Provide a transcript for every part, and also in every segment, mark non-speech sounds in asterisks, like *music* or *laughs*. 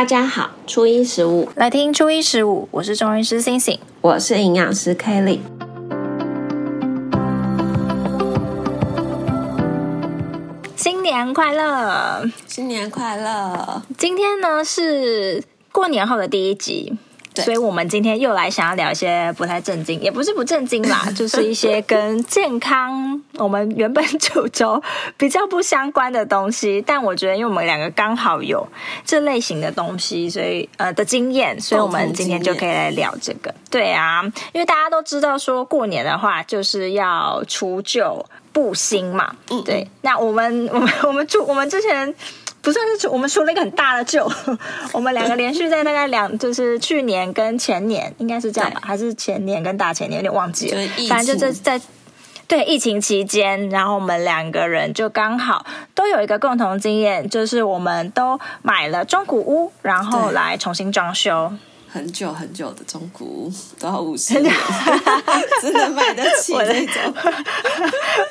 大家好，初一十五來聽初一十五，我是中醫師 CinCin，我是營養師 Kelly。新年快樂，新年快樂！今天呢是過年後的第一集。所以，我們今天又來想要聊一些不太正經，也不是不正經啦，就是一些跟健康 *laughs* 我們原本主軸比較不相關的東西。但我覺得，因為我們兩個剛好有這類型的東西，所以呃的經驗，所以我們今天就可以來聊這個。對啊，因為大家都知道，說過年的話就是要除舊布新嘛。嗯，對。那我們，我們，我們就，我們之前。不算是出我們出了一個很大的舊。我們兩個連續在大概兩，就是去年跟前年，應該是這樣吧？還是前年跟大前年？有點忘記了。了、就是。反正就是在對疫情期間，然後我們兩個人就剛好都有一個共同經驗，就是我們都買了中古屋，然後來重新裝修。很久很久的中古，都要五十年。 *laughs* *laughs* 真的買得起那種我的。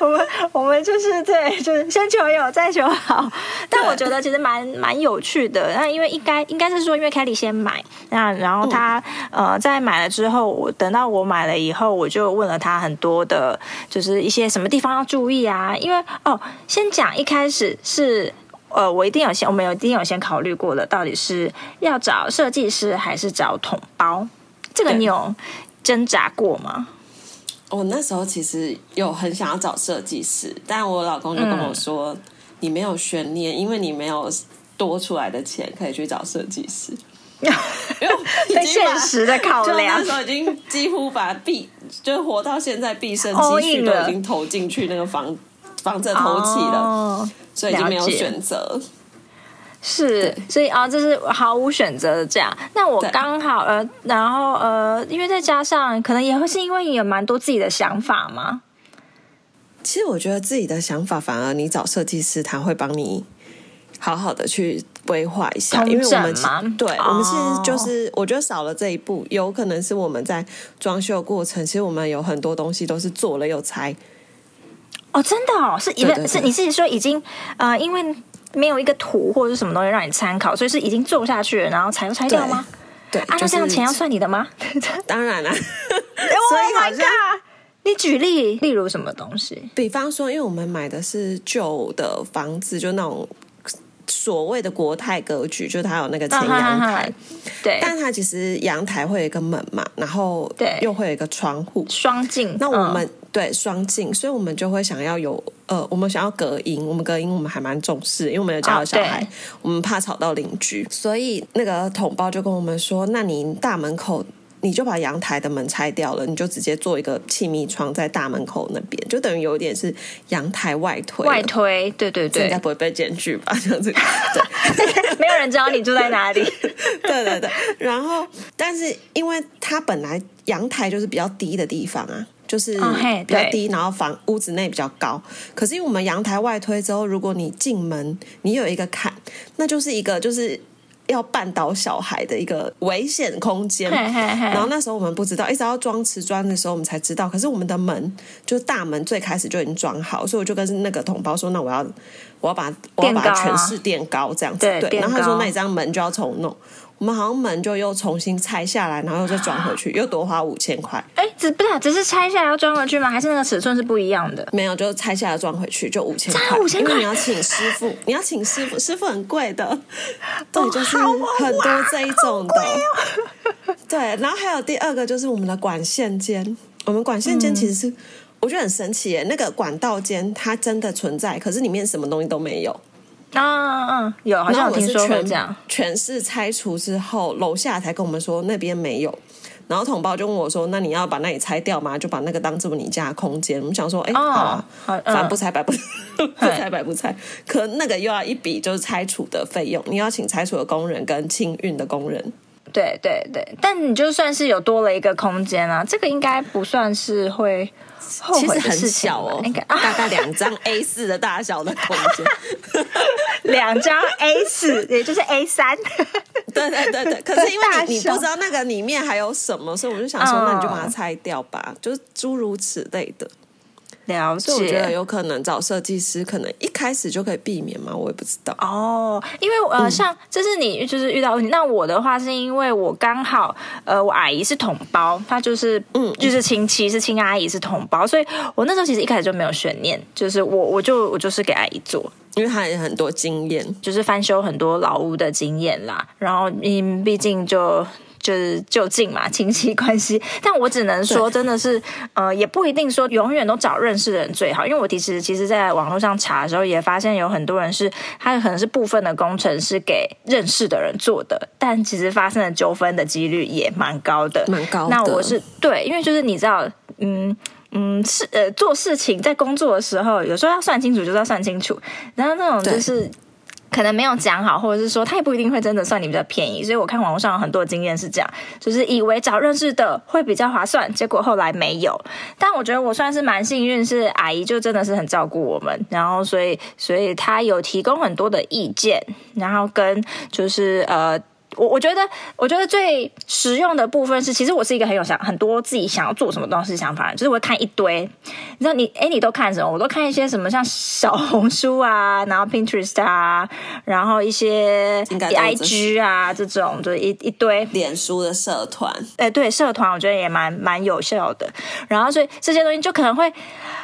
*laughs* 我們我們就是對，就是先求有再求好，但我覺得其實蠻蠻有趣的。那因為應該應該是說，因為凱莉先買，那然後她、嗯、呃在買了之後，我等到我買了以後，我就問了她很多的，就是一些什麼地方要注意啊？因為哦，先講一開始是。呃，我一定有先，我們有一定有先考慮過的，到底是要找設計師還是找統包？這個你有掙扎過嗎？我那時候其實有很想要找設計師，但我老公就跟我說：“嗯、你沒有懸念，因為你沒有多出來的錢可以去找設計師。 *laughs* ”因為被 *laughs* 現實的考量，那時候已經幾乎把畢，就活到現在畢生積蓄都已經投進去那個房防正偷氣了，哦，所以就沒有選擇。是，所以啊，哦，這是毫無選擇的這樣。那我剛好呃，然後呃，因為再加上可能也會是因為你有蠻多自己的想法嘛。其實我覺得自己的想法，反而你找設計師他會幫你好好的去規劃一下，因為我們對，哦，我們現在就是我覺得少了這一步，有可能是我們在裝修過程，其實我們有很多東西都是做了又拆。哦，真的哦？是因為是你是說已經呃，因為沒有一個圖或者是什麼東西讓你參考，所以是已經做下去然後才又拆掉嗎？對，對啊那、就是、這樣錢要算你的嗎？ *laughs* 當然了。 *laughs* Oh my God, 你舉例，例如什麼東西？比方說，因為我們買的是舊的房子，就那種。所謂的國泰格局，就是它有那個前陽台，oh, hi, hi, hi. 對，但它其實陽台會有一個門嘛，然後對，又會有一個窗戶雙鏡。那我們、嗯、對雙鏡，所以我們就會想要有呃，我們想要隔音，我們隔音我們還蠻重視，因為我們有家小孩、oh,，我們怕吵到鄰居，所以那個統包就跟我們說，那你大門口。你就把陽台的門拆掉了，你就直接做一個氣密窗在大門口那邊，就等於有點是陽台外推。外推，對對對，應該不會被檢舉吧？就是這樣子，對， *laughs* 沒有人知道你住在哪裡。 *laughs* 對對對。然後，但是因為它本來陽台就是比較低的地方啊，就是比較低，oh, hey, 然後房屋子內比較高。可是因為我們陽台外推之後，如果你進門，你有一個坎，那就是一個就是。要絆倒小孩的一個危險空間，嘿嘿嘿，然後那時候我們不知道，一直要裝瓷磚的時候我們才知道。可是我們的門就大門最開始就已經裝好，所以我就跟那個統包說：“那我要，我要把，我要把全室墊高，高、啊、這樣子。對”對，然後他說那你這樣門就要重弄。我們好像門就又重新拆下來，然後又再裝回去、哦，又多花五千塊。哎、欸，只是不是只是拆下來要裝回去嗎？還是那個尺寸是不一樣的？沒有，就拆下來裝回去就差五千塊。因為你要請師傅，你要請師傅，師傅很貴的、哦。對，就是很多這一種的、哦哦。對，然後還有第二個就是我們的管線間，我們管線間其實是、嗯、我覺得很神奇耶，那個管道間它真的存在，可是裡面什麼東西都沒有。啊、嗯嗯嗯，有，好像我全聽說這樣。全市拆除之後，樓下才跟我們說那邊沒有。然後統包就問我說：“那你要把那裡拆掉嗎？就把那個當做你家空間？”我們想說：“哎、欸，好、啊，哦、反正不拆，白、嗯、 *laughs* 不不拆，白不拆。”可那個又要一筆就是拆除的費用，你要請拆除的工人跟清運的工人。對對對，但你就算是有多了一個空間啊，這個應該不算是會後悔的事情嘛，其實很小哦，啊，大概兩張 A 四的大小的空間， *laughs* 兩張 A 四 *laughs* 也就是 A 三，對對對對。可是因為你, *laughs* 你不知道那個裡面還有什麼，所以我就想說，那你就把它拆掉吧，oh. 就是諸如此類的。了解，所以我覺得有可能找設計師，可能一開始就可以避免嘛，我也不知道哦。因為呃，嗯、像這是你就是遇到問題，那我的話是因為我剛好呃，我阿姨是同胞，她就是嗯，就是親戚是親阿姨是同胞，所以我那時候其實一開始就沒有懸念，就是我我就我就是給阿姨做，因為她有很多經驗，就是翻修很多老屋的經驗啦，然後因為、嗯、畢竟就。就是就近嘛，親戚關係。但我只能說，真的是，呃，也不一定說永遠都找認識的人最好。因為我其實，其實，在網絡上查的時候，也發現有很多人是，他可能是部分的工程是給認識的人做的，但其實發生的糾紛的幾率也蠻高的。蠻高的。那我是對，因為就是你知道，嗯嗯，是呃，做事情在工作的時候，有時候要算清楚，就是要算清楚。然後那種就是。可能沒有講好，或者是說他也不一定會真的算你比較便宜，所以我看網絡上很多經驗是這樣，就是以為找認識的會比較划算，結果後來沒有。但我覺得我算是蠻幸運，是阿姨就真的是很照顧我們，然後所以所以他有提供很多的意見，然後跟就是呃。我我覺得，我覺得最實用的部分是，其實我是一個很有想很多自己想要做什麼東西想法的，就是我會看一堆，你知道你，哎，你都看什麼？我都看一些什麼，像小紅書啊，然後 Pinterest 啊，然後一些 IG 啊，這種就，就是一一堆臉書的社團，哎，對，社團我覺得也蠻蠻有效的。然後所以這些東西就可能會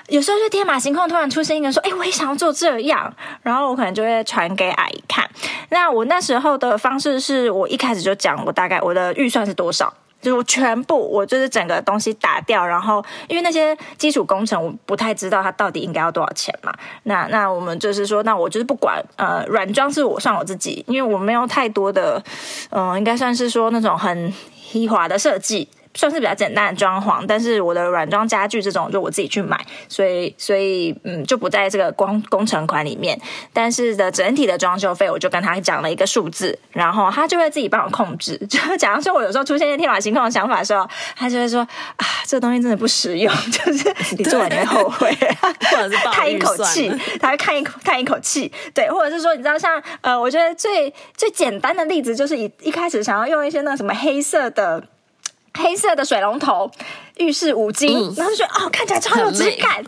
有時候就天馬行空，突然出現一個說，哎，我也想要做這樣，然後我可能就會傳給阿姨看。那我那時候的方式是。我一開始就講，我大概我的預算是多少，就是我全部，我就是整個東西打掉，然後因為那些基礎工程我不太知道它到底應該要多少錢嘛。那那我們就是說，那我就是不管，呃，軟裝是我算我自己，因為我沒有太多的，嗯、呃，應該算是說那種很奢華的設計。算是比較簡單的裝潢，但是我的軟裝家具這種就我自己去買，所以所以嗯就不在這個工工程款裡面。但是的整體的裝修費，我就跟他講了一個數字，然後他就會自己幫我控制。就假如說我有時候出現一些天馬行空的想法的時候，他就會說啊，這個東西真的不實用， *laughs* 就是你做完你會後悔，或者是嘆一口氣， *laughs* 他會嘆一,一口嘆一口氣，對，或者是說你知道像呃，我覺得最最簡單的例子就是以一,一開始想要用一些那什麼黑色的。黑色的水龍頭，浴室五金、嗯，然後就覺得哦，看起來超有質感。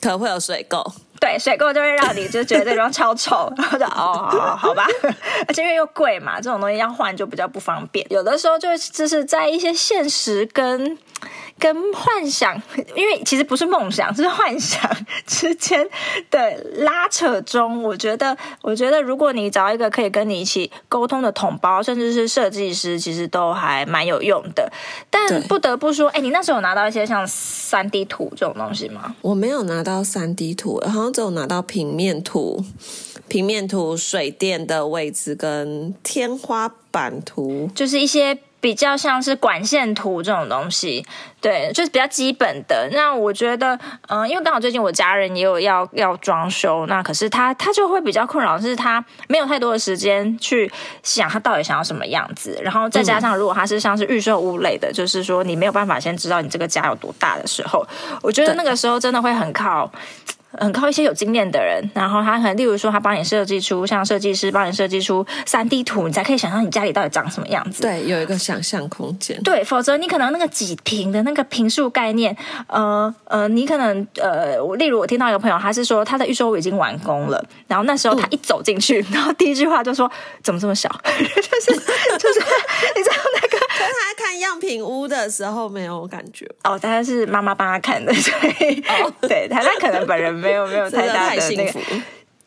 可能會有水垢，對，水垢就會讓你就覺得這地方超醜， *laughs* 然後就哦，好好，好吧，而且因為又貴嘛，這種東西要換就比較不方便。有的時候就就是在一些現實跟。跟幻想，因為其實不是夢想，是幻想之間的拉扯中，我覺得，我覺得如果你找一個可以跟你一起溝通的統包，甚至是設計師，其實都還蠻有用的。但不得不說，哎、欸，你那時候有拿到一些像三 D 圖這種東西嗎？我沒有拿到三 D 圖，好像只有拿到平面圖、平面圖、水電的位置跟天花板圖，就是一些。比較像是管線圖這種東西，對，就是比較基本的。那我覺得，嗯，因為剛好最近我家人也有要要裝修，那可是他他就會比較困擾，是他沒有太多的時間去想他到底想要什麼樣子。然後再加上，如果他是像是預售屋類的，嗯，就是說你沒有辦法先知道你這個家有多大的時候，我覺得那個時候真的會很靠。很靠一些有經驗的人，然後他可能，例如說，他幫你設計出像設計師幫你設計出 3D 圖，你才可以想象你家裡到底長什麼樣子。對，有一個想象空間。對，否則你可能那個幾坪的那個坪數概念，呃呃，你可能呃，例如我聽到一個朋友，他是說他的預售已經完工了，然後那時候他一走進去，嗯、然後第一句話就說：“怎麼這麼小？”就 *laughs* 是就是，就是、 *laughs* 你知道那個。他看樣品屋的時候沒有感覺哦，他是媽媽幫他看的，所以、哦、對，他他可能本人沒有沒有太大的那個， *laughs* 幸福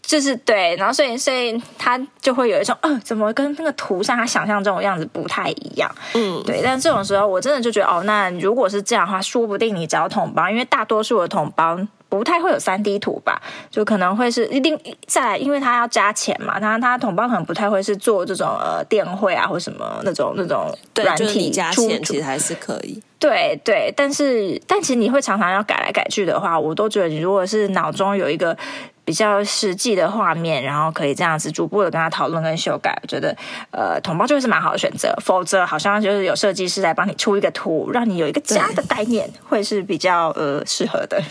就是對，然後所以所以他就會有一種，嗯、呃，怎麼跟那個圖上他想象中的樣子不太一樣？嗯，對。但這種時候我真的就覺得，哦，那如果是這樣的話，說不定你找統包，因為大多數的統包。不太會有三 D 圖吧，就可能會是一定。再來，因為他要加錢嘛。他他統包可能不太會是做這種呃電繪啊，或什麼那種那種軟體。就是，你加錢其實還是可以。對對，但是但其實你會常常要改來改去的話，我都覺得你如果是腦中有一個比較實際的畫面，然後可以這樣子逐步的跟他討論跟修改，我覺得呃統包就會是蠻好的選擇。否則好像就是有設計師來幫你出一個圖，讓你有一個家的概念，會是比較呃適合的。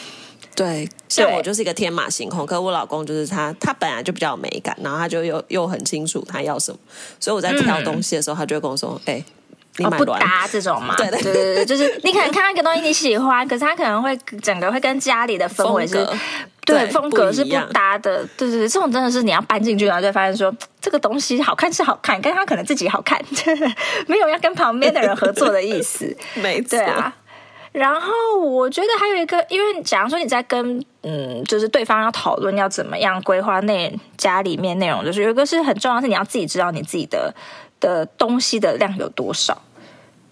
對，像我就是一個天馬行空，可我老公就是他，他本來就比較有美感，然後他就又又很清楚他要什麼，所以我在挑東西的時候，嗯、他就會跟我說：“哎、欸，你買、哦、不搭這種嘛？”對對對， *laughs* 就是你可能看到一個東西你喜歡，可是他可能會整個會跟家裡的氛圍是，風對，對風格是不搭的，對對對，這種真的是你要搬進去然後就會發現說這個東西好看是好看，但是他可能自己好看， *laughs* 沒有要跟旁邊的人合作的意思， *laughs* 沒錯啊。然後我覺得還有一個，因為假如說你在跟嗯，就是對方要討論要怎麼樣規劃那家裡面內容，就是有一個是很重要，是你要自己知道你自己的的東西的量有多少？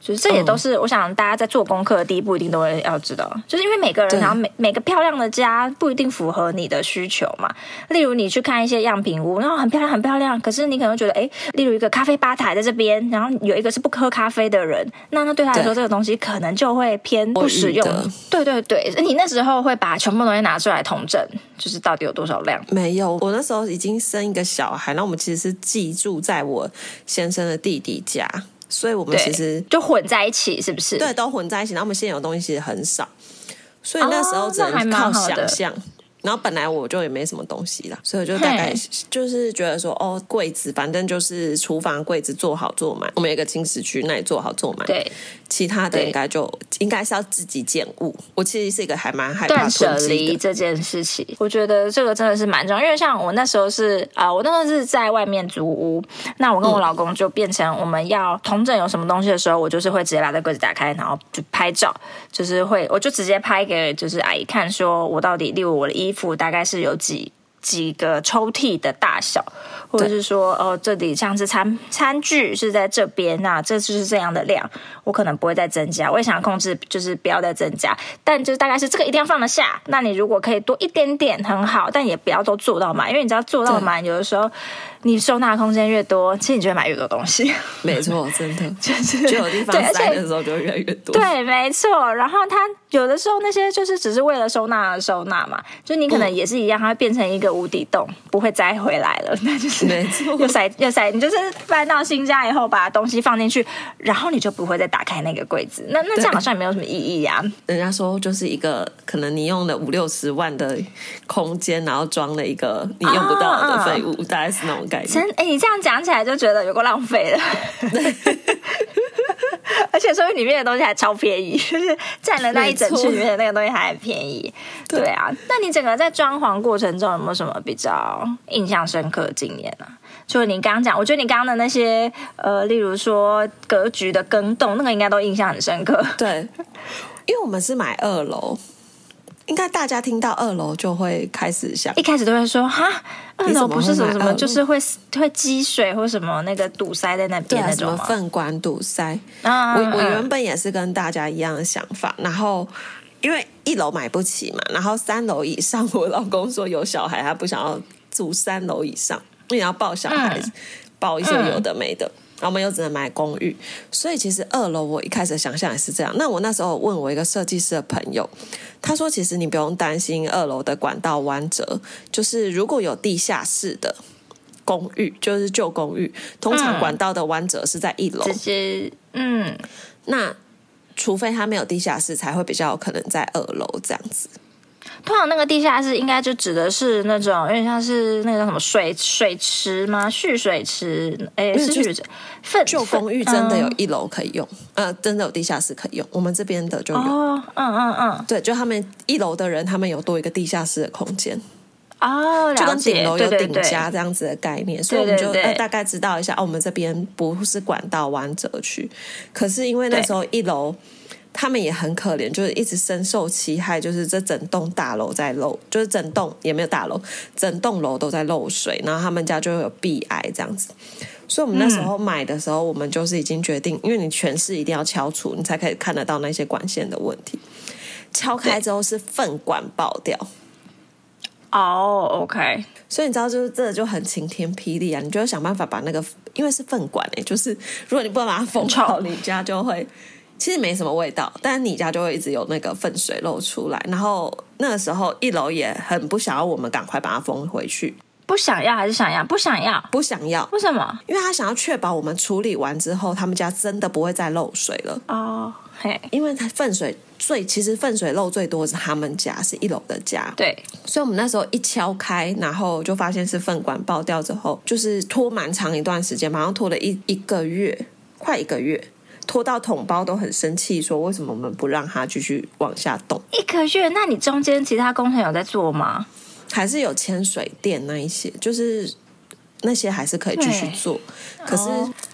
就是這也都是我想大家在做功課的第一步，一定都會要知道、嗯，就是因為每個人然後每每個漂亮的家不一定符合你的需求嘛。例如你去看一些樣品屋，然後很漂亮很漂亮，可是你可能覺得，哎，例如一個咖啡吧台在這邊，然後有一個是不喝咖啡的人，那那對他來說，對這個東西可能就會偏不實用。對對對，你那時候會把全部東西拿出來統整，就是到底有多少量？沒有，我那時候已經生一個小孩，那我們其實是寄住在我先生的弟弟家。所以，我們其實就混在一起，是不是？對，都混在一起。然後，我們現有東西其實很少，所以那時候只能靠想象。哦然後本來我就也沒什麼東西了，所以我就大概就是覺得說，哦，櫃子反正就是廚房櫃子做好做滿，我們有個清洗區那裡做好做滿，對，其他的應該就應該是要自己建物。我其實是一個還蠻害怕的斷捨離這件事情。我覺得這個真的是蠻重要，因為像我那時候是啊、呃，我那時候是在外面租屋，那我跟我老公就變成我們要同枕有什麼東西的時候，我就是會直接把這櫃子打開，然後就拍照，就是會我就直接拍給就是阿姨看，說我到底例如我的衣服。大概是有幾幾個抽屜的大小，或者是說，哦，這裡像是餐餐具是在這邊，那這就是這樣的量，我可能不會再增加，我也想控制，就是不要再增加，但就大概是這個一定要放得下。那你如果可以多一點點很好，但也不要都做到滿，因為你知道做到滿有的時候。你收納空間越多，其實你就會買越多東西。沒錯，真的。就是，就有地方塞的時候就會越來越多。對，對沒錯。然後它有的時候那些就是只是為了收納而收納嘛，就你可能也是一樣，嗯、它會變成一個無底洞，不會再回來了，那就是。沒錯。有塞，有塞，你就是搬到新家以後把東西放進去，然後你就不會再打開那個櫃子， *laughs* 那那這樣好像也沒有什麼意義呀，啊。人家說就是一個可能你用了五六十萬的空間，然後裝了一個你用不到的廢物，啊，大概是那種。真、欸、哎，你這樣講起來就覺得有夠浪費了， *laughs* 而且所以裡面的東西還超便宜，就是占了那一整區裡面的那個東西還很便宜，對啊。那你整個在裝潢過程中有沒有什麼比較印象深刻的經驗呢、啊？就是你剛剛講，我覺得你剛剛的那些呃，例如說格局的更動，那個應該都印象很深刻。對，因為我們是買二樓。應該大家聽到二樓就會開始想，一開始都會說哈，二樓不是什麼什麼，就是會會積水或什麼，那個堵塞在那邊，什麼糞管堵塞。啊啊啊啊我我原本也是跟大家一樣的想法，然後因為一樓買不起嘛，然後三樓以上，我老公說有小孩，他不想要住三樓以上，你要抱小孩子、嗯，抱一些有的沒的。嗯然後我們又只能買公寓，所以其實二樓我一開始想象也是這樣。那我那時候問我一個設計師的朋友，他說：“其實你不用擔心二樓的管道彎折，就是如果有地下室的公寓，就是舊公寓，通常管道的彎折是在一樓。”嗯，其實嗯。那除非他沒有地下室，才會比較有可能在二樓這樣子。通常那個地下室應該就指的是那種有點像是那個叫什麼水水池嗎？蓄水池？哎，就是水。舊公寓真的有一樓可以用，嗯、呃真的有地下室可以用。我們這邊的就有，哦、嗯嗯嗯，對，就他們一樓的人，他們有多一個地下室的空間。哦，了解。就跟頂樓有頂加這樣子的概念，對對對，所以我們就對對對、呃、大概知道一下，哦，我們這邊不是管道彎折去，可是因為那時候一樓。他們也很可憐，就是一直深受其害，就是這整棟大樓在漏，就是整棟也沒有大樓，整棟樓都在漏水，然後他們家就有避 i 這樣子。所以，我們那時候買的時候，嗯，我們就是已經決定，因為你全是一定要敲除，你才可以看得到那些管線的問題。敲開之後是糞管爆掉。哦，OK，所以你知道，就是這就很晴天霹靂啊！你就要想辦法把那個，因為是糞管哎，欸，就是如果你不能把它封好，你家就會。其實沒什麼味道，但是你家就會一直有那個糞水漏出來。然後那個時候，一樓也很不想要我們趕快把它封回去。不想要還是想要？不想要，不想要。為什麼？因為他想要確保我們處理完之後，他們家真的不會再漏水了。哦，嘿，因為他糞水最，其實糞水漏最多是他們家，是一樓的家。對，所以我們那時候一敲開，然後就發現是糞管爆掉之後，就是拖蠻長一段時間，馬上拖了一一個月，快一個月。拖到統包都很生氣，說為什麼我們不讓他繼續往下動一個月？那你中間其他工程有在做嗎？還是有牽水電那一些，就是那些還是可以繼續做，可是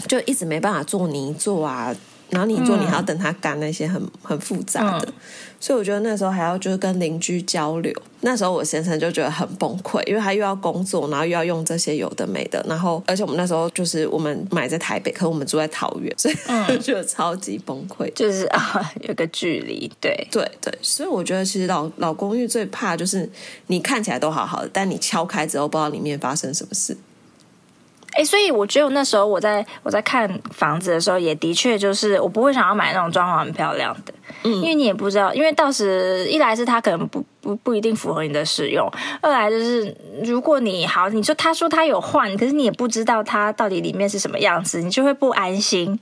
就一直沒辦法做泥作啊。然後你做，你還要等他幹那些很、嗯、很複雜的、嗯，所以我覺得那時候還要就是跟鄰居交流。那時候我先生就覺得很崩潰，因為他又要工作，然後又要用這些有的沒的，然後而且我們那時候就是我們買在台北，可我們住在桃園，所以、嗯、 *laughs* 我覺得超級崩潰，就是啊，有個距離，對對對，所以我覺得其實老老公寓最怕就是你看起來都好好的，但你敲開之後，不知道裡面發生什麼事。哎，所以我覺得我那時候我在我在看房子的時候，也的確就是我不會想要買那種裝潢很漂亮的，嗯，因為你也不知道，因為到時一來是他可能不不不一定符合你的使用，二來就是如果你好，你說他說他有換，可是你也不知道他到底裡面是什麼樣子，你就會不安心。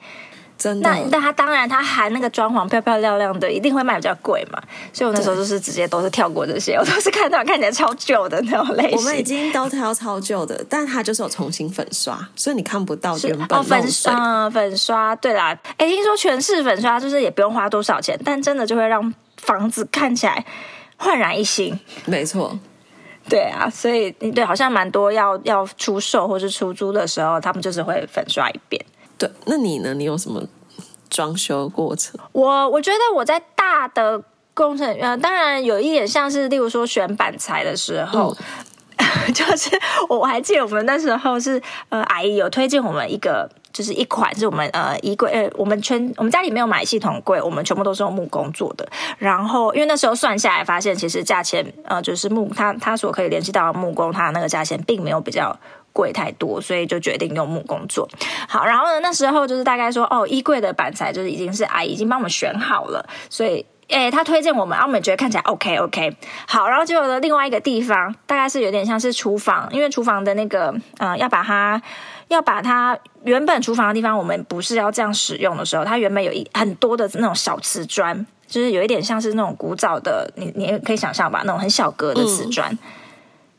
真的，但但他當然，他含那個裝潢漂漂亮亮的，一定會賣比較貴嘛。所以我那時候就是直接都是跳過這些，我都是看到看起來超舊的那種類型。 *laughs* 我們已經都挑超舊的，但他就是有重新粉刷，所以你看不到原本漏水、哦、粉刷、呃，粉刷，對啦，哎，聽說全室粉刷，就是也不用花多少錢，但真的就會讓房子看起來煥然一新。沒錯，對啊，所以對，好像蠻多要要出售或是出租的時候，他們就是會粉刷一遍。對，那你呢？你有什麼裝修過程？我我覺得我在大的工程，呃，當然有一點像是，例如說選板材的時候，嗯、 *laughs* 就是我還記得我們那時候是，呃，阿姨有推薦我們一個，就是一款是我們呃衣櫃，呃，我們全我們家裡沒有買系統櫃，我們全部都是用木工做的。然後因為那時候算下來發現，其實價錢，呃，就是木他他所可以聯繫到木工，他那個價錢並沒有比較。櫃太多，所以就決定用木工做。好，然後呢，那時候就是大概說，哦，衣櫃的板材就是已經是，啊、已經幫我們選好了，所以，誒、欸，他推薦我們，後、啊、我們覺得看起來 OK OK。好，然後就有了另外一個地方，大概是有點像是廚房，因為廚房的那個，嗯、呃，要把它要把它原本廚房的地方，我們不是要這樣使用的時候，它原本有一很多的那種小瓷磚，就是有一點像是那種古早的，你你可以想象吧，那種很小格的瓷磚。嗯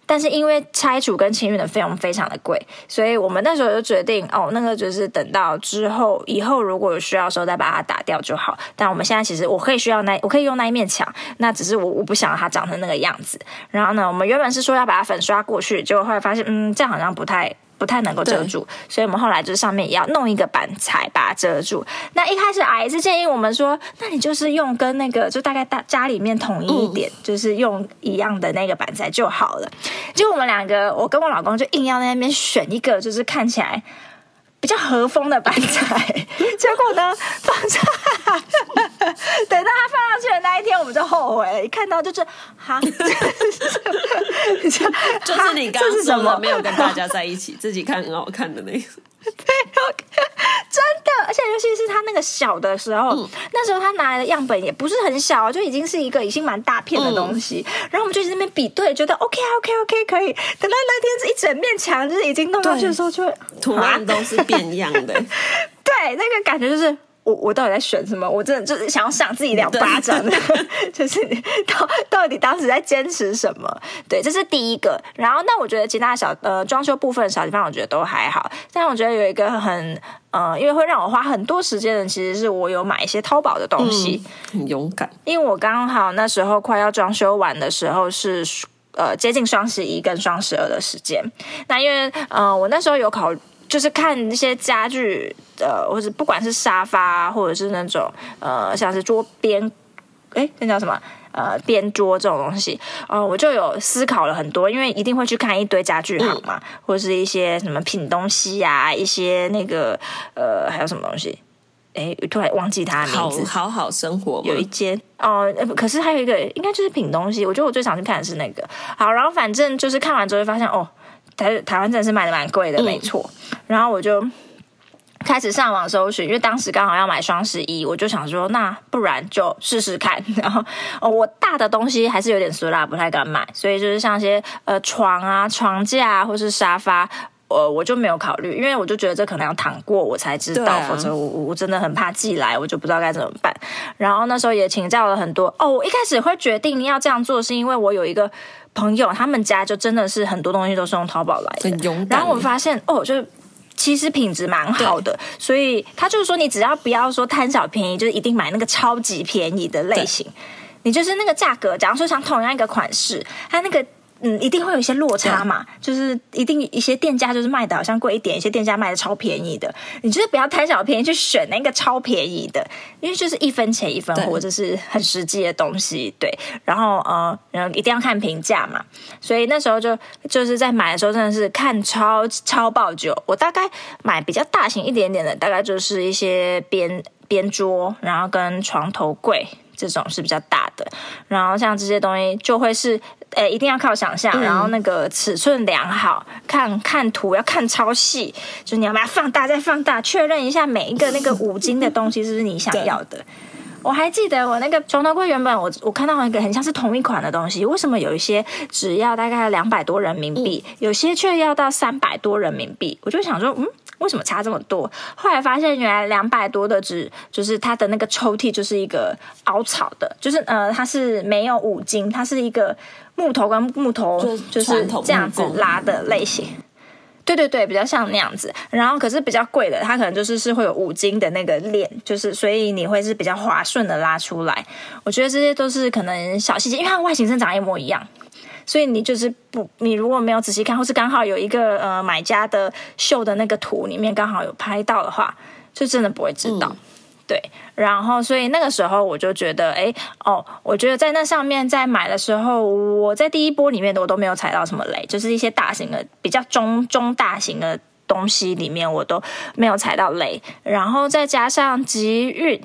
但是因為拆除跟清運的費用非常的貴，所以我們那時候就決定，哦，那個就是等到之後，以後如果有需要的時候再把它打掉就好。但我們現在其實我可以需要那，我可以用那一面牆，那只是我我不想讓它長成那個樣子。然後呢，我們原本是說要把它粉刷過去，結果後來發現，嗯，這樣好像不太。不太能夠遮住，所以我們後來就是上面也要弄一個板材，把它遮住。那一開始阿姨是建議我們說，那你就是用跟那個就大概家裡面統一一點，就是用一樣的那個板材就好了。就、嗯、我們兩個，我跟我老公就硬要在那邊選一個，就是看起來比較和風的板材。 *laughs* 結果呢，放在 *laughs* 哈， *laughs* 等到他放上去的那一天，我們就後悔。一看到就是哈， *laughs* *laughs* 就是你剛剛說的，沒有跟大家在一起， *laughs* 自己看很好看的那個。 *laughs* 對，okay, 真的，而且尤其是他那個小的時候、嗯，那時候他拿來的樣本也不是很小，就已經是一個已經蠻大片的東西。嗯、然後我們就在那邊比對，覺得 OK OK OK 可以。等到那天是一整面牆，就是已經弄上去的時候就會，就圖案都是變樣的。 *laughs* 對，那個感覺就是。我我到底在選什麼？我真的就是想要搧自己兩巴掌， *laughs* 就是你到到底當時在堅持什麼？對，這是第一個。然後，那我覺得其他的小呃裝修部分的小地方，我覺得都還好。但我覺得有一個很呃，因為會讓我花很多時間的，其實是我有買一些淘寶的東西、嗯，很勇敢。因為我剛好那時候快要裝修完的時候是呃接近雙十一跟雙十二的時間，那因為呃我那時候有考。就是看一些家具，呃，或者不管是沙發，啊，或者是那種呃，像是桌邊，哎，那叫什麼？呃，邊桌這種東西，哦、呃，我就有思考了很多，因為一定會去看一堆家具好，好、嗯、嘛，或者是一些什麼品東西呀，啊，一些那個呃，還有什麼東西？哎，我突然忘記它了。好好生活，有一間哦、呃，可是還有一個，應該就是品東西。我覺得我最常去看的是那個。好，然後反正就是看完之後發現，哦。台台灣真是賣的蠻貴的，沒錯、嗯。然後我就開始上網搜尋，因為當時剛好要買雙十一，我就想說，那不然就試試看。然後，哦，我大的東西還是有點慫啦，不太敢買。所以就是像一些呃床啊、床架啊，或是沙發，呃，我就沒有考慮，因為我就覺得這可能要躺過我才知道，啊、否則我我真的很怕寄來，我就不知道該怎麼辦。然後那時候也請教了很多。哦，我一開始會決定你要這樣做，是因為我有一個。朋友他們家就真的是很多東西都是用淘寶來的，很勇敢。然後我發現哦，就其實品質蠻好的，所以他就是說，你只要不要說貪小便宜，就一定買那個超級便宜的類型，你就是那個價格，假如說像同樣一個款式，它那個。嗯，一定會有一些落差嘛，就是一定一些店家就是賣的好像貴一點，一些店家賣的超便宜的，你就是不要貪小便宜去選那個超便宜的，因為就是一分錢一分貨，這是很實際的東西。對，然後呃，然後一定要看評價嘛，所以那時候就就是在買的時候真的是看超超爆久，我大概買比較大型一點點的，大概就是一些邊邊桌，然後跟床頭櫃這種是比較大的，然後像這些東西就會是。呃、欸，一定要靠想象，然後那個尺寸量好，看看圖要看超細，就是、你要把它放大再放大，確認一下每一個那個五金的東西是不是你想要的。 *laughs* 我還記得我那個床頭櫃原本我我看到一個很像是同一款的東西，為什麼有一些只要大概兩百多人民幣，有些卻要到三百多人民幣、嗯？我就想說，嗯，為什麼差這麼多？後來發現原來兩百多的只就是它的那個抽屜就是一個凹槽的，就是呃，它是沒有五金，它是一個。木頭跟木頭就是這樣子拉的類型，對對對，比較像那樣子。然後可是比較貴的，它可能就是是會有五金的那個鏈，就是所以你會是比較滑順的拉出來。我覺得這些都是可能小細節，因為它外形生長一模一樣，所以你就是不，你如果沒有仔細看，或是剛好有一個呃買家的秀的那個圖裡面剛好有拍到的話，就真的不會知道，嗯、對。然後，所以那個時候我就覺得，哎，哦，我覺得在那上面在買的時候，我在第一波裡面的我都沒有踩到什麼雷，就是一些大型的、比較中中大型的東西裡面我都沒有踩到雷。然後再加上集運，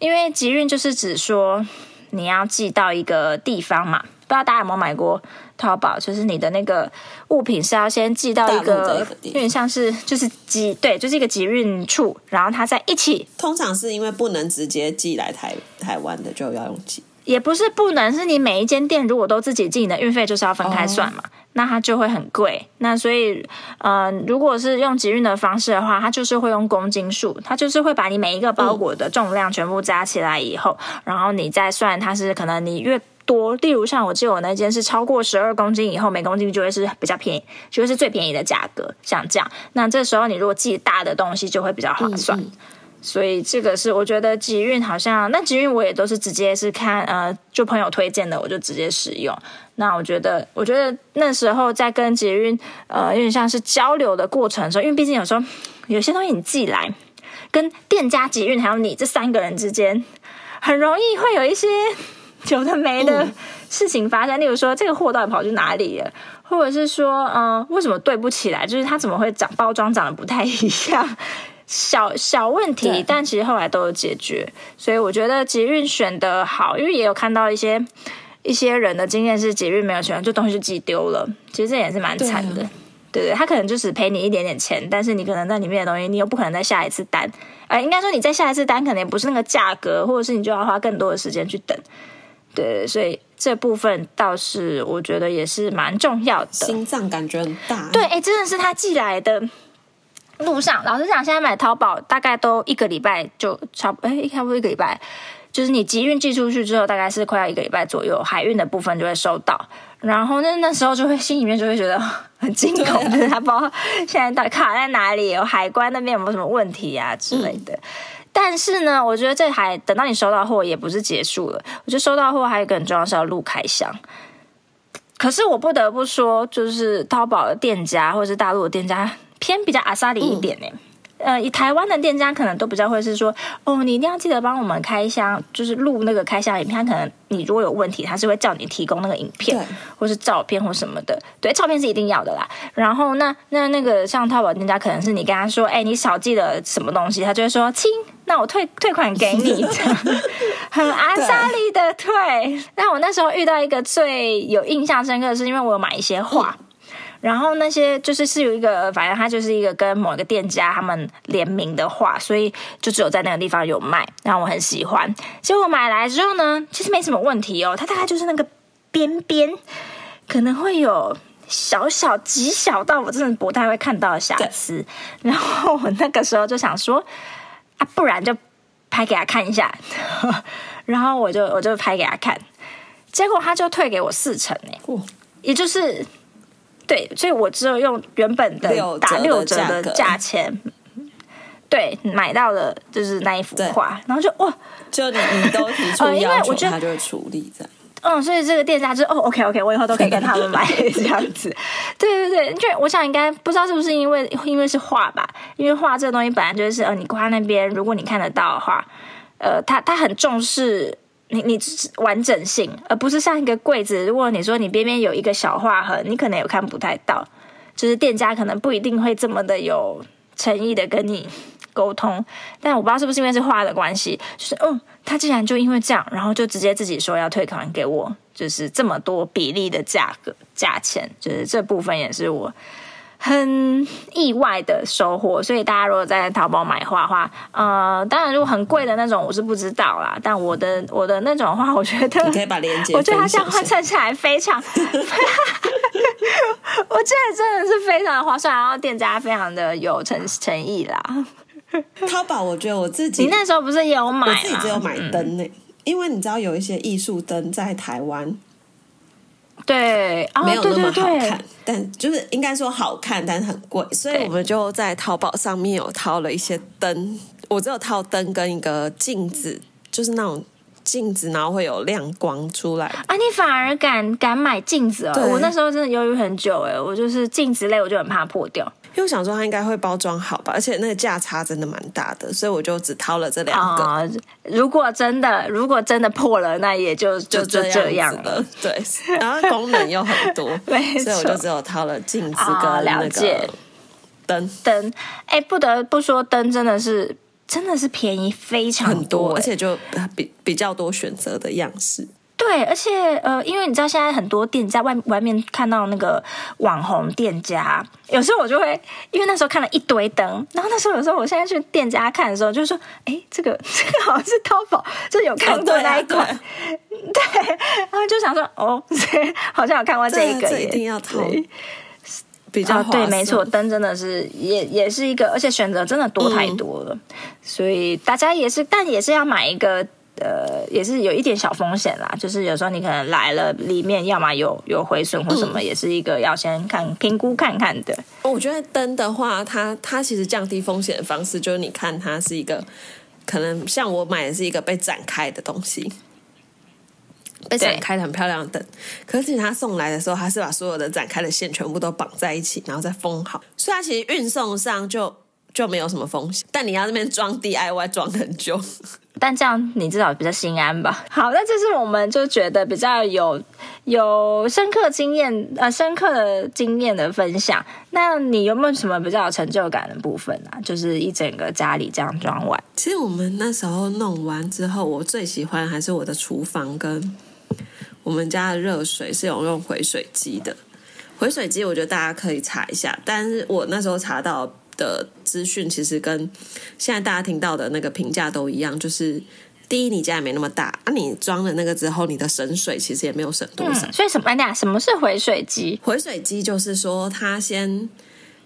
因為集運就是指說你要寄到一個地方嘛。不知道大家有沒有買過淘寶？就是你的那個物品是要先寄到一個，有點像是就是集，對，就是一個集運處，然後它在一起。通常是因為不能直接寄來台台灣的，就要用集，也不是不能，是你每一間店如果都自己寄，你的運費就是要分開算嘛、哦，那它就會很貴。那所以，呃，如果是用集運的方式的話，它就是會用公斤數，它就是會把你每一個包裹的重量全部加起來以後，嗯、然後你再算它是可能你越。多，例如像我記得我那件是超過十二公斤以後，每公斤就會是比較便宜，就會是最便宜的價格，像這樣。那這時候你如果寄大的東西，就會比較划算，嗯。所以這個是我覺得集運好像，那集運我也都是直接是看呃，就朋友推薦的，我就直接使用。那我覺得，我覺得那時候在跟集運呃，有點像是交流的過程中，因為畢竟有時候有些東西你寄來，跟店家集運還有你這三個人之間，很容易會有一些。有的沒的事情發生，嗯、例如說這個貨到底跑去哪裡了，或者是說，嗯，為什麼對不起來？就是它怎麼會長包裝長得不太一樣，小小問題，但其實後來都有解決。所以我覺得集運選得好，因為也有看到一些一些人的經驗是集運沒有選，就東西就寄丟了。其實這也是蠻慘的，對不、啊、對，對，對？他可能就是賠你一點點錢，但是你可能在裡面的東西，你又不可能再下一次單。哎、呃、應該說你再下一次單，可能也不是那個價格，或者是你就要花更多的時間去等。對，所以這部分倒是我覺得也是蠻重要的。心臟感覺很大。對，哎，真的是他寄來的路上。老實講，現在買淘寶大概都一個禮拜就差不多，哎，差不多一個禮拜，就是你集運寄出去之後，大概是快要一個禮拜左右，海運的部分就會收到。然後那那時候就會心裡面就會覺得很驚恐，啊、就是他不知道現在到底卡在哪裡，有海關那邊有沒有什麼問題呀、啊、之類的。嗯但是呢，我覺得這還等到你收到貨也不是結束了。我覺得收到貨還有一個很重要的是要錄開箱。可是我不得不說，就是淘寶的店家或者是大陸的店家偏比較阿莎莉一點呢、欸。嗯呃，以台灣的店家可能都比較會是說，哦，你一定要記得幫我們開箱，就是錄那個開箱影片。可能你如果有問題，他是會叫你提供那個影片，或是照片或什麼的。對，照片是一定要的啦。然後那那那個像淘寶店家，可能是你跟他說，哎、欸，你少記得什麼東西，他就會說，親，那我退退款給你， *laughs* 這樣很阿莎力的退。那我那時候遇到一個最有印象深刻的是因為我有買一些畫。嗯然後那些就是是有一個，反正它就是一個跟某一個店家他們聯名的話，所以就只有在那個地方有賣。然後我很喜歡，結果買來之後呢，其實沒什麼問題哦。它大概就是那個邊邊可能會有小小極小到我真的不太會看到的瑕疵。然後我那個時候就想說，啊，不然就拍給他看一下。然後我就我就拍給他看，結果他就退給我四成哎、欸，也就是。對，所以我只有用原本的打六折的價錢，價，對，買到了就是那一幅畫，然後就哇，就你你都提出要求，他就會處理這、 *laughs* 呃、嗯，所以這個店家就哦，OK OK，我以後都可以跟他們買 *laughs* 這樣子。對對對，就我想應該不知道是不是因為因為是畫吧，因為畫這個東西本來就是，呃，你掛那邊如果你看得到的話，呃，他他很重視。你你完整性，而不是像一個櫃子。如果你說你邊邊有一個小劃痕，你可能也看不太到，就是店家可能不一定會這麼的有誠意的跟你溝通。但我不知道是不是因為這畫的關係，就是，嗯，他竟然就因為這樣，然後就直接自己說要退款給我，就是這麼多比例的價格，價錢，就是這部分也是我，很意外的收穫，所以大家如果在淘寶買畫的話，呃，當然如果很貴的那種我是不知道啦。但我的我的那種畫，我覺得你可以把鏈接，我覺得它這樣換算起來非常， *laughs* *laughs* 我覺得真的是非常的划算，然後店家非常的有誠誠意啦。淘寶，我覺得我自己，你那時候不是也有買嗎、啊？我自己只有買燈呢、欸嗯，因為你知道有一些藝術燈在台灣。對，哦、對，對，對，沒有那麼好看，但就是應該說好看，但是很貴，所以我們就在淘寶上面有淘了一些燈，我只有淘燈跟一個鏡子，就是那種鏡子，然後會有亮光出來啊。你反而敢敢買鏡子、哦？對我那時候真的猶豫很久，誒，我就是鏡子類，我就很怕破掉。因為我想說它應該會包裝好吧，而且那個價差真的蠻大的，所以我就只掏了這兩個。哦、如果真的，如果真的破了，那也就就，就這樣了。 *laughs* 對。然後功能又很多，所以我就只有掏了鏡子跟兩個燈、哦、燈。哎、欸，不得不說，燈真的是真的是便宜非常多，很多，而且就比比較多選擇的樣式。對，而且呃，因為你知道現在很多店在外外面看到那個網紅店家，有時候我就會，因為那時候看了一堆燈，然後那時候有時候我現在去店家看的時候，就是說，哎、欸，這個這個好像是淘寶，就有看過那一款、哦對啊對啊，對，然後就想說，哦，好像有看過這個，對這一定要推，比較、啊、對，沒錯，燈真的是也也是一個，而且選擇真的多太多了、嗯，所以大家也是，但也是要買一個。呃，也是有一點小風險啦，就是有時候你可能來了裡面，要麼有有回損或什麼、嗯，也是一個要先看評估看看的。我覺得燈的話，它它其實降低風險的方式，就是你看它是一個可能像我買的是一個被展開的東西，嗯，被展開的很漂亮的燈。可是它送來的時候，它是把所有的展開的線全部都綁在一起，然後再封好。所以它其實運送上就就沒有什麼風險，但你要那邊裝 DIY 裝很久。但這樣你至少比較心安吧。好，那這是我們就覺得比較有有深刻經驗，呃，深刻的經驗的分享。那你有沒有什麼比較有成就感的部分啊？就是一整個家裡這樣裝完。其實我們那時候弄完之後，我最喜歡還是我的廚房跟我們家的熱水是有用回水機的。回水機，我覺得大家可以查一下。但是我那時候查到，的資訊其實跟現在大家聽到的那個評價都一樣，就是第一，你家也沒那麼大那、啊、你裝了那個之後，你的省水其實也沒有省多少。嗯、所以什麼呢？什麼是回水機？回水機就是說，它先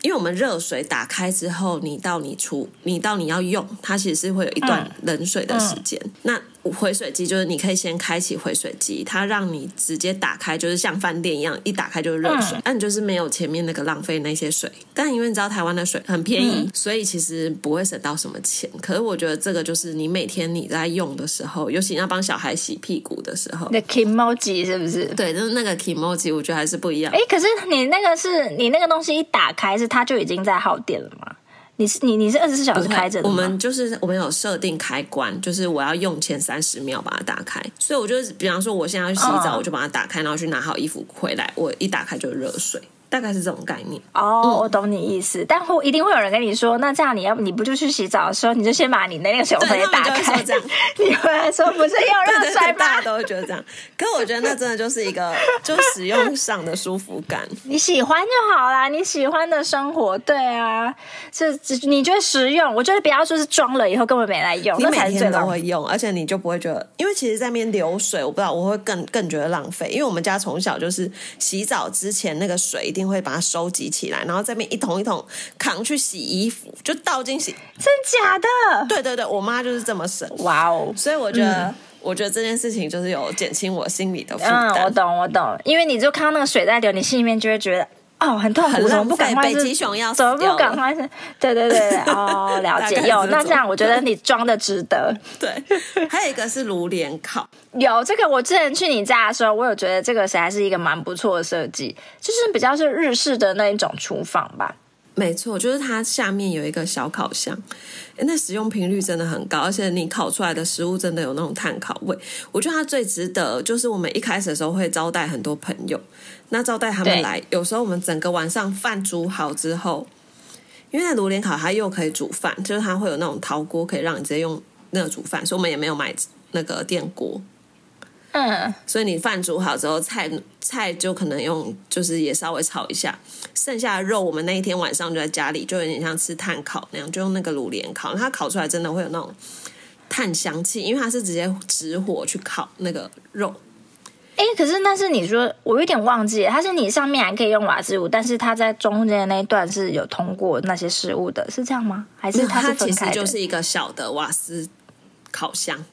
因為我們熱水打開之後，你到你出，你到你要用，它其實是會有一段冷水的時間、嗯嗯。那回水機就是你可以先開啟回水機，它讓你直接打開，就是像飯店一樣一打開就是熱水，那、嗯啊、你就是沒有前面那個浪費那些水。但因為你知道台灣的水很便宜、嗯，所以其實不會省到什麼錢。可是我覺得這個就是你每天你在用的時候，尤其你要幫小孩洗屁股的時候，那 Kimoji 是不是？對，就是那個 Kimoji，我覺得還是不一樣。誒、欸，可是你那個是你那個東西一打開是它就已經在耗電了嗎？你,你,你是你你是二十四小時開着的嗎？我們就是我們有設定開關，就是我要用前三十秒把它打開，所以我就比方說，我現在要去洗澡，我就把它打開，oh. 然後去拿好衣服回來，我一打開就是熱水。大概是這種概念哦，嗯，我懂你意思，但會一定會有人跟你說，那這樣你要你不就去洗澡的時候，你就先把你的那個水龍頭打開，這樣 *laughs* 你回來說不是又讓帥霸？大家都覺得這樣。可我覺得那真的就是一個 *laughs* 就使用上的舒服感，你喜歡就好啦，你喜歡的生活，對啊，是你覺得實用，我覺得不要說是裝了以後根本沒來用，你每天都會用，而且你就不會覺得，因為其實在那邊流水，我不知道，我會更更覺得浪費，因為我們家從小就是洗澡之前那個水一定會把它收集起來，然後這邊一桶一桶扛去洗衣服，就倒進去。真假的？對對對，我媽就是這麼省。哇、wow、哦！所以我覺得、嗯，我覺得這件事情就是有減輕我心裡的負擔、嗯。我懂，我懂，因為你就看到那個水在流，你心裡面就會覺得。哦，很痛苦，痛，怎麼不趕快？北極熊要走掉麼不。對對對，對， *laughs* 哦，了解。有那這樣，我覺得你裝的值得。對， *laughs* 對還有一個是爐連烤。 *laughs* 有這個，我之前去你家的時候，我有覺得這個其實還是一個蠻不錯的設計，就是比較是日式的那一種廚房吧。沒錯，就是它下面有一個小烤箱，欸，那使用頻率真的很高，而且你烤出來的食物真的有那種碳烤味。我覺得它最值得就是我們一開始的時候會招待很多朋友，那招待他們來，有時候我們整個晚上飯煮好之後，因為爐連烤它又可以煮飯，就是它會有那種陶鍋可以讓你直接用那個煮飯，所以我們也沒有買那個電鍋。嗯，所以你飯煮好之後菜，菜菜就可能用，就是也稍微炒一下。剩下的肉，我們那一天晚上就在家裡，就有點像吃炭烤那樣，就用那個爐連烤。它烤出來真的會有那種炭香氣，因為它是直接直火去烤那個肉。哎、欸，可是那是你說，我有點忘記了，它是你上面還可以用瓦斯爐，但是它在中間那一段是有通過那些食物的，是這樣嗎？還是它其實就是一個小的瓦斯烤箱？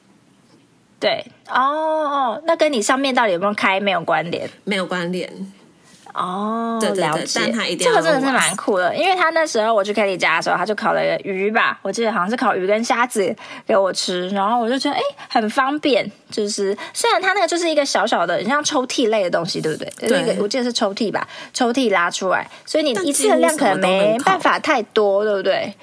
對哦，那跟你上面到底有沒有開沒有關聯？沒有關聯哦，對對對，了解。但他一定這個真的是蠻酷的，因為他那時候我去 Kelly 家的時候，他就烤了一個魚吧，我記得好像是烤魚跟蝦子給我吃，然後我就覺得哎、欸、很方便，就是雖然它那個就是一個小小的，很像抽屜類的東西，對不對？就是、個對個我記得是抽屜吧，抽屜拉出來，所以你一次的量可能沒辦法太多，對不對？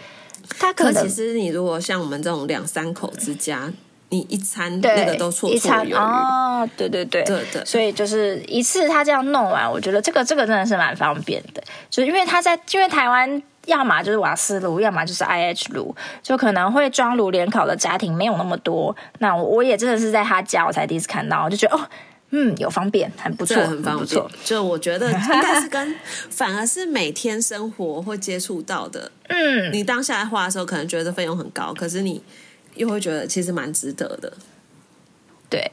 它可能其實你如果像我們這種兩三口之家。你一餐那個都綽綽有餘。一餐哦？啊！對對對，對，對。所以就是一次他這樣弄完，我覺得這個這個真的是蠻方便的。就因為他在，因為台灣要麼就是瓦斯爐，要麼就是 IH 爐，就可能會裝爐連烤的家庭沒有那麼多。那我，我也真的是在他家我才第一次看到，我就覺得哦，嗯，有方便，很不錯，很方便不錯。就我覺得應該是跟 *laughs* 反而是每天生活會接觸到的。嗯，你當下來花的時候可能覺得費用很高，可是你。又會覺得其實蠻值得的，對，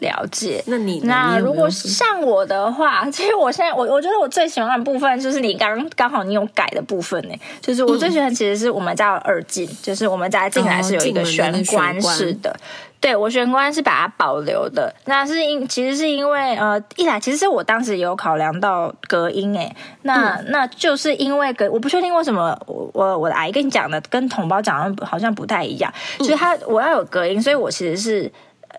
了解。那你那如果像我的話，其實我現在我我覺得我最喜歡的部分就是你剛剛好你有改的部分呢、欸，就是我最喜歡其實是我們家的二進、嗯，就是我們家進來是有一個玄關式的。嗯對，我玄關是把它保留的，那是因其實是因為呃，一來其實是我當時有考量到隔音哎，那、嗯、那就是因為隔，我不確定為什麼我我我的阿姨跟你講的跟統包講好像不，好像不太一樣，所、嗯、以、就是、它我要有隔音，所以我其實是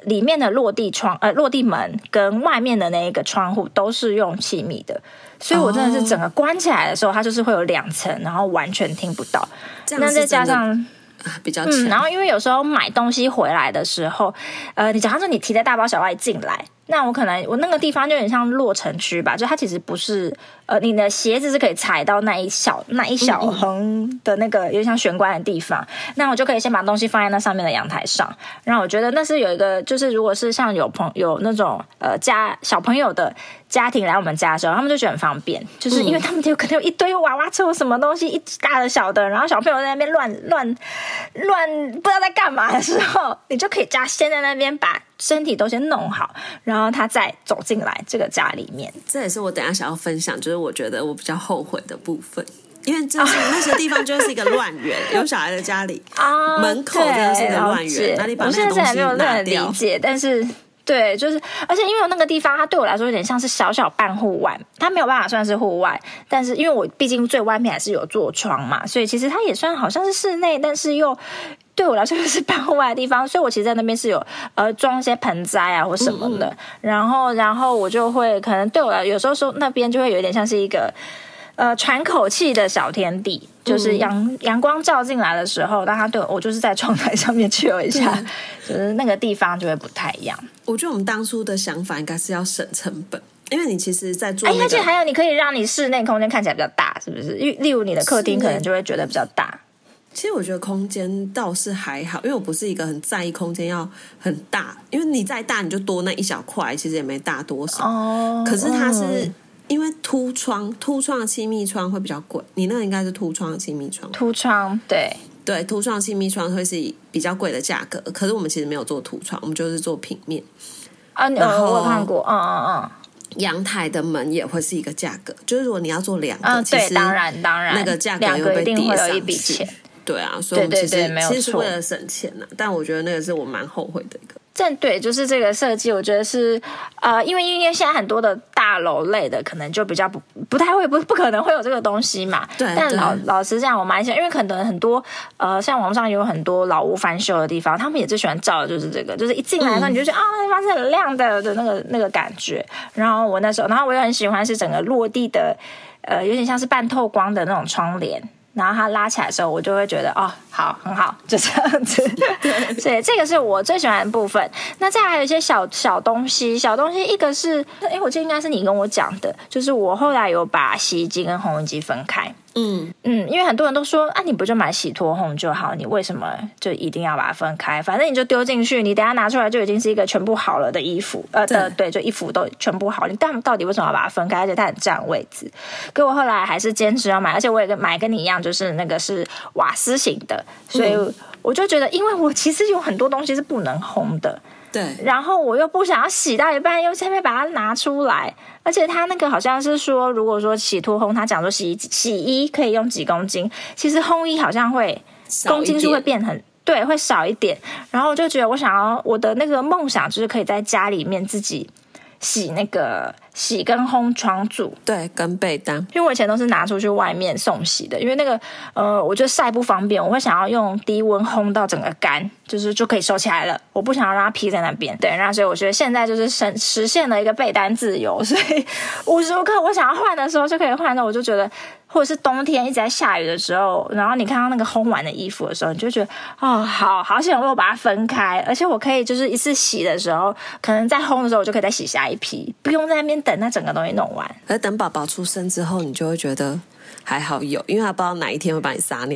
裡面的落地窗呃落地門跟外面的那一個窗戶都是用氣密的，所以我真的是整個關起來的時候，哦、它就是會有兩層，然後完全聽不到，那再加上。 *laughs* 比較輕、嗯。然後，因為有時候買東西回來的時候，呃，你假設你提着大包小包一進來。那我可能我那個地方就有點像落塵區吧，就它其實不是呃，你的鞋子是可以踩到那一小那一小橫的那個、嗯、有點像玄關的地方。那我就可以先把東西放在那上面的陽台上。然後我覺得那是有一個，就是如果是像有朋友有那種呃家小朋友的家庭來我們家的時候，他們就覺得很方便，就是因為他們就可能有一堆娃娃車什麼東西，一大的、小的，然後小朋友在那邊亂亂亂不知道在幹嘛的時候，你就可以家先在那邊擺。身體都先弄好，然後他再走進來這個家裡面。這也是我等一下想要分享，就是我覺得我比較後悔的部分，因為就那些地方就是一個亂源，哦、有小孩的家裡、哦，門口就是一個亂源，哪裡把那個東西拿掉？我現在沒有很理解，但是對，就是而且因為那個地方，它對我來說有點像是小小半戶外，它沒有辦法算是戶外，但是因為我畢竟最外面還是有座窗嘛，所以其實它也算好像是室內，但是又。對我來說就是半戶外的地方，所以我其實在那邊是有呃裝一些盆栽啊或什麼的，嗯、然後然後我就會可能對我來有時候說那邊就會有一點像是一個呃喘口氣的小天地，就是陽陽光照進來的時候，當它對我，我就是在窗台上面坐一下，嗯，就是那個地方就會不太一樣。我覺得我們當初的想法應該是要省成本，因為你其實在做，那個哎，而且還有你可以讓你室內空間看起來比較大，是不是？例例如你的客廳可能就會覺得比較大。其實我覺得空間倒是還好，因為我不是一個很在意空間要很大，因為你再大你就多那一小塊，其實也沒大多少。哦，可是它是因為凸窗、嗯、凸窗、氣密窗會比較貴。你那個應該是凸窗、氣密窗。凸窗，對對，凸窗、氣密窗會是比較貴的價格。可是我們其實沒有做凸窗，我們就是做平面。啊，然後我看過？嗯嗯嗯。陽台的門也會是一個價格，就是如果你要做兩個、嗯對，其實當然當然，那個價格又被跌了一筆錢。對啊，所以我們其實其實為了省錢吶、啊，但我覺得那個是我蠻後悔的一個。正對，就是這個設計，我覺得是呃，因為因為現在很多的大樓類的，可能就比較不不太會不不可能會有這個東西嘛。對，對，但老老實講，我蠻喜歡，因為可能很多呃，像網上有很多老屋翻修的地方，他們也最喜歡照的就是這個，就是一進來的時候你就覺得啊、嗯哦，那地方是很亮的的那個那個感覺。然後我那時候，然後我也很喜歡是整個落地的，呃，有點像是半透光的那種窗簾。然後它拉起來的時候，我就會覺得哦，好，很好，就這樣子。對，所以這個是我最喜歡的部分。那再來有一些小小東西，小東西，一個是，哎，我記得應該是你跟我講的，就是我後來有把洗衣機跟烘乾機分開。嗯嗯，因為很多人都說啊，你不就買洗脫烘就好？你為什麼就一定要把它分開？反正你就丟進去，你等下拿出來就已經是一個全部好了的衣服。呃，對，呃、對就衣服都全部好。你但到底為什麼要把它分開？而且它很占位置。可我後來還是堅持要買，而且我也跟買跟你一樣，就是那個是瓦斯型的。所以我就覺得，因為我其實有很多東西是不能烘的。嗯嗯對，然後我又不想要洗到一半，又前面把它拿出來，而且他那個好像是說，如果說洗脫烘，他講說洗洗衣可以用幾公斤，其實烘衣好像會公斤數會變很，對，會少一點。然後我就覺得，我想要我的那個夢想就是可以在家裡面自己。洗那個洗跟烘床褥，對，跟被單，因為我以前都是拿出去外面送洗的。因為那個呃，我覺得曬不方便，我會想要用低溫烘到整個乾，就是就可以收起來了，我不想要讓它披在那邊。對，然後所以我覺得現在就是實實現了一個被單自由，所以無時無刻我想要換的時候就可以換，那我就覺得。或者是冬天一直在下雨的時候，然後你看到那個烘完的衣服的時候，你就覺得哦，好好想我有沒有把它分開，而且我可以就是一次洗的時候，可能在烘的時候我就可以再洗下一批，不用在那邊等它整個東西弄完。而等寶寶出生之後，你就會覺得還好有，因為他不知道哪一天會把你撒尿。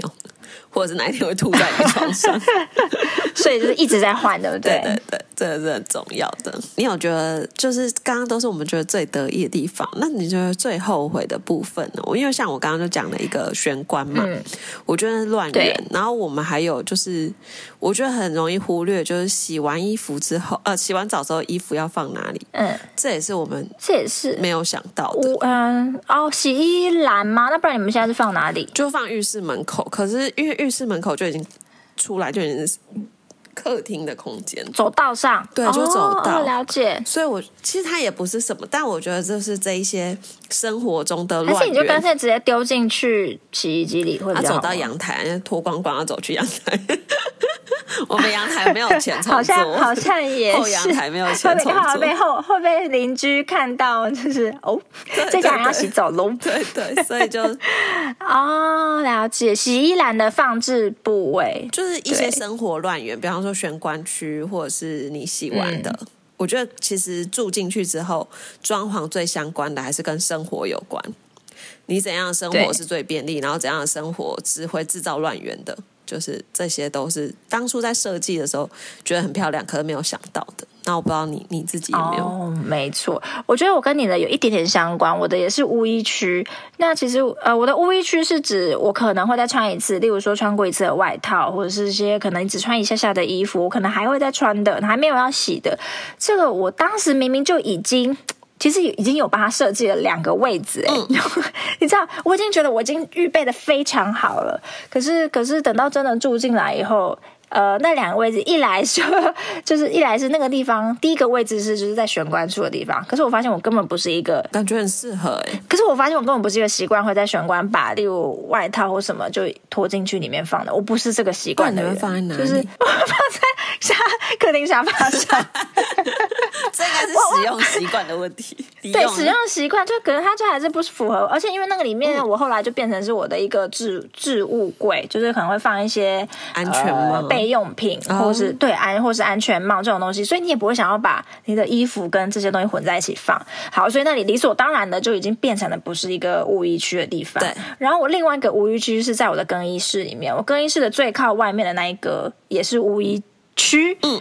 或者是哪一天會吐在你的床上 *laughs* ，所以就是一直在換，對不對？ *laughs* 對對對，這個是很重要的。你有覺得就是剛剛都是我們覺得最得意的地方，那你覺得最後悔的部分呢？我因為像我剛剛就講了一個玄關嘛，嗯、我覺得亂人。然後我們還有就是，我覺得很容易忽略，就是洗完衣服之後，呃，洗完澡之後衣服要放哪裡？嗯，這也是我們這也是沒有想到的。嗯、呃、哦，洗衣籃嗎？那不然你們現在是放哪裡？就放浴室門口。可是因為浴室門口就已經出來，就已經是。客廳的空間，走道上對，就走道、哦、了解。所以我，我其實它也不是什麼，但我覺得這是這一些生活中的亂源，而且你就乾脆直接丟進去洗衣機裡或者，啊、走到陽台，脫光光要走去陽台。 *laughs* 我們陽台沒有前窗 *laughs* 好像好像也後陽台沒有前窗。會不會被後會不會被鄰居看到？就是哦，對對對這家人要洗澡嘍。對，對對，所以就 *laughs* 哦，了解，洗衣籃的放置部位，就是一些生活亂源，比方說。做玄關區，或者是你喜歡的，我覺得其實住進去之後，裝潢最相關的還是跟生活有關。你怎樣的生活是最便利，然後怎樣的生活是會製造亂源的。就是這些都是當初在設計的時候覺得很漂亮，可是沒有想到的。那我不知道你你自己有沒有、哦？沒錯，我覺得我跟你的有一點點相關。我的也是污衣區。那其實呃，我的污衣區是指我可能會再穿一次，例如說穿過一次的外套，或者是一些可能只穿一下下的衣服，我可能還會再穿的，還沒有要洗的。這個我當時明明就已經。其實已已經有幫他設計了兩個位置，哎，你知道，我已經覺得我已經預備的非常好了，可是，可是等到真的住進來以後。呃，那兩個位置，一來說就是一來是那個地方，第一個位置是就是在玄關處的地方。可是我發現我根本不是一個感覺很適合欸。可是我發現我根本不是一個習慣會在玄關把，例如外套或什麼就拖進去裡面放的。我不是這個習慣的人。放就是我放在下客廳沙發上。這 *laughs* 應該是使用習慣的問題。對，使用習慣就可能它就還是不符合。而且因為那個裡面，我後來就變成是我的一個置、嗯、置物櫃，就是可能會放一些安全帽。呃日用品，或是、oh. 對安，或是安全帽這種東西，所以你也不會想要把你的衣服跟這些東西混在一起放好，所以那裡理所當然的就已經變成了不是一個污衣區的地方。對。然後我另外一個污衣區是在我的更衣室裡面，我更衣室的最靠外面的那一個也是污衣區。嗯。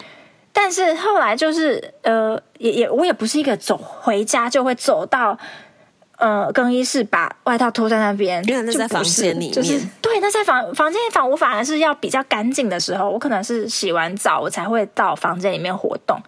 但是後來就是呃，也也我也不是一個走回家就會走到。呃，更衣室把外套脫在那邊，因為那在房間裡面。就是、對，那在房房間房屋我反而是要比較乾淨的時候，我可能是洗完澡，我才會到房間裡面活動。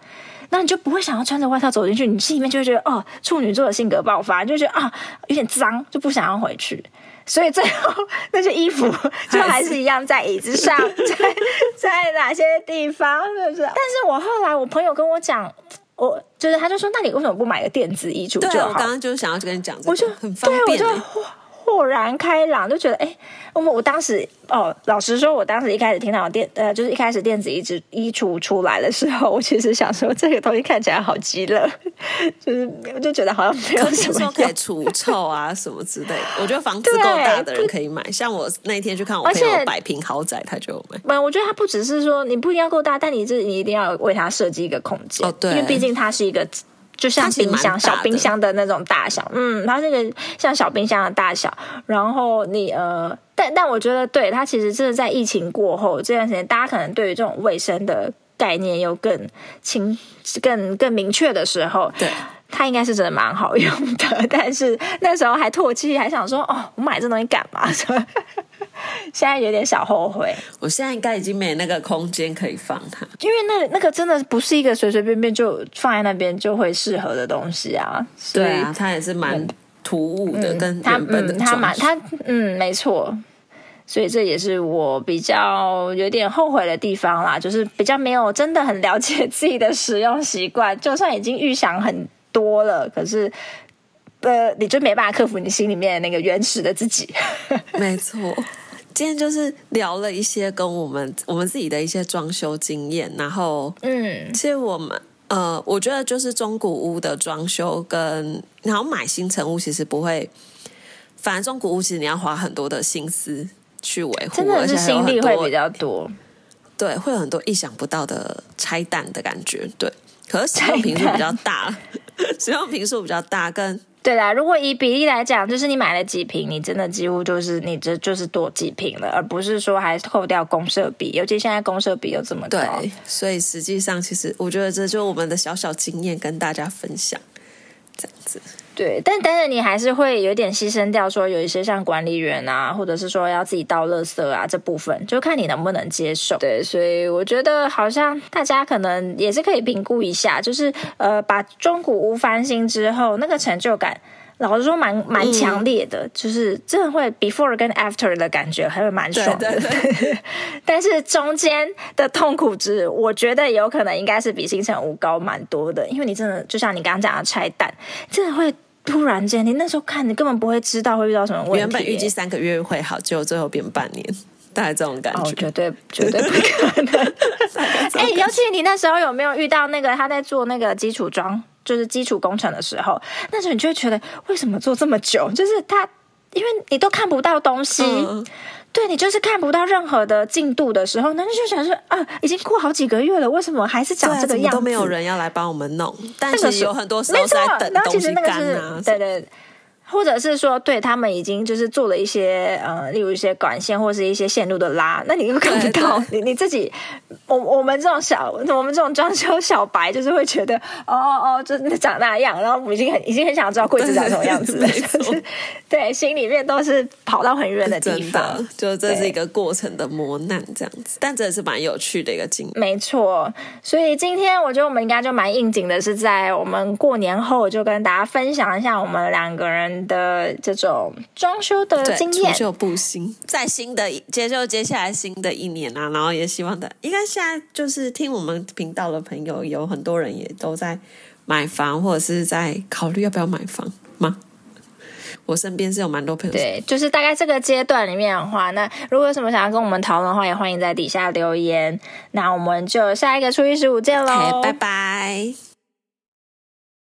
那你就不會想要穿着外套走進去，你心裡面就會覺得，哦，處女座的性格爆發，就覺得啊，有點髒，就不想要回去。所以最後那些衣服就還是一樣在椅子上，在 *laughs* 在哪些地方？就是，是不是？但是我後來我朋友跟我講。我就是，他就說，那你為什麼不買個電子衣櫥就好？對啊，我剛剛就是想要跟你講這個，我就很方便，豁然開朗，就覺得哎、欸，我我當時哦，老實說，我當時一開始聽到電呃，就是一開始電子一直衣櫥出來的時候，我其實想說這個東西看起來好雞肋，就是我就覺得好像沒有什麼用，說可以除臭啊什麼之類的。 *laughs* 我覺得房子夠大的人可以買，像我那天去看，我朋友百平豪宅，他就買。我覺得他不只是說你不一定要夠大，但你是你一定要為他設計一個空間。哦，對，因為畢竟他是一個。就像冰箱小冰箱的那種大小，嗯，它那個像小冰箱的大小，然後你呃，但但我覺得對，對，它其實是在疫情過後這段時間，大家可能對於這種衛生的概念又更清、更更明確的時候，對。它應該是真的蠻好用的，但是那時候還唾棄，還想說哦，我買這東西幹嘛？所以現在有點小後悔。我現在應該已經沒那個空間可以放它，因為那個、那個真的不是一個隨隨便便就放在那邊就會適合的東西啊。對啊，它也是蠻突兀的，嗯、跟原本的、嗯它，嗯、它蠻它嗯，沒錯。所以這也是我比較有點後悔的地方啦，就是比較沒有真的很了解自己的使用習慣，就算已經預想很。多了，可是，呃，你就沒辦法克服你心裡面那個原始的自己。 *laughs* 沒錯，今天就是聊了一些跟我們我們自己的一些裝修經驗，然後，嗯，其實我們呃，我覺得就是中古屋的裝修跟然後買新成屋其實不會，反正中古屋其實你要花很多的心思去維護，真的是心力會比較多。多對，會有很多意想不到的拆彈的感覺，對，可是使用頻率比較大。 *laughs* 使用坪數比較大，跟對啦、啊。如果以比例來講，就是你買了幾瓶，你真的幾乎就是你這就是多幾瓶了，而不是說還扣掉公設比。尤其現在公設比又這麼高，所以實際上其實我覺得，這就我們的小小經驗跟大家分享，這樣子。對，但當然你還是會有點犧牲掉，說有一些像管理員啊，或者是說要自己倒垃圾啊這部分，就看你能不能接受。對，所以我覺得好像大家可能也是可以評估一下，就是呃，把中古屋翻新之後那個成就感，老實說蠻蠻強烈的，嗯，就是真的會 before 跟 after 的感覺還是蠻爽的。對對對 *laughs* 但是中間的痛苦值，我覺得有可能應該是比新成屋高蠻多的，因為你真的就像你剛剛講的拆彈，真的會。突然間，你那時候看你根本不會知道會遇到什麼問題欸。原本預計三個月會好，結果最後變半年，大概這種感覺。哦，絕對絕對不可能！哎， *laughs* 欸， *laughs* 尤其你那時候有沒有遇到那個他在做那個基礎裝，就是基礎工程的時候，那時候你就會覺得為什麼做這麼久？就是他，因為你都看不到東西。嗯對，你就是看不到任何的進度的時候，那就想說啊，已經過好幾個月了，為什麼還是長這個樣子？啊、都沒有人要來幫我們弄，但是有很多事都在等東西乾啊。對，對對。或者是說，對他們已經就是做了一些呃，例如一些管線或是一些線路的拉，那你又看不到你你自己。我我們這種小，我們這種裝修小白，就是會覺得哦哦，就長那樣。然後我已經很已經很想知道櫃子長什麼樣子了就是 *laughs* 對，心裡面都是跑到很遠的地方的，就這是一個過程的磨難這樣子。但真的是蠻有趣的一個經歷，沒錯。所以今天我覺得我們應該就蠻應景的，是在我們過年後就跟大家分享一下我們兩個人，的這種裝修的經驗，除舊佈新。在新的一接受接下來新的一年啊，然後也希望的，應該現在就是聽我們頻道的朋友有很多人也都在買房或者是在考慮要不要買房嗎？我身邊是有蠻多朋友，對，就是大概這個階段裡面的話，那如果有什麼想要跟我們討論的話，也歡迎在底下留言。那我們就下一個初一十五見嘍，拜、okay, 拜。